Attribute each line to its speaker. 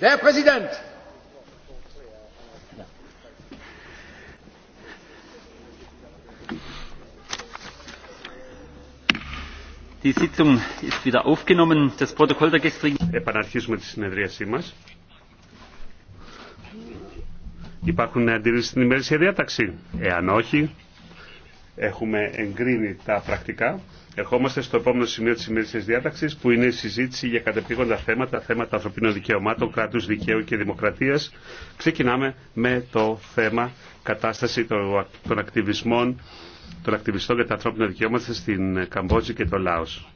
Speaker 1: Herr
Speaker 2: Präsident!
Speaker 3: Die Sitzung ist wieder aufgenommen. Das Protokoll
Speaker 4: der gestrigen. Επαναρχίζουμε τη συνεδρίασή μα. Υπάρχουν αντιρρήσεις στην ημερήσια διάταξη. Εάν όχι, έχουμε εγκρίνει τα πρακτικά. Ερχόμαστε στο επόμενο σημείο της σημερινής διάταξης που είναι η συζήτηση για κατεπήγοντα θέματα, θέματα ανθρωπίνων δικαιωμάτων, κράτους δικαίου και δημοκρατίας. Ξεκινάμε με το θέμα κατάσταση των ακτιβισμών των ακτιβιστών για τα ανθρώπινα δικαιώματα στην Καμπότζη και το Λάος.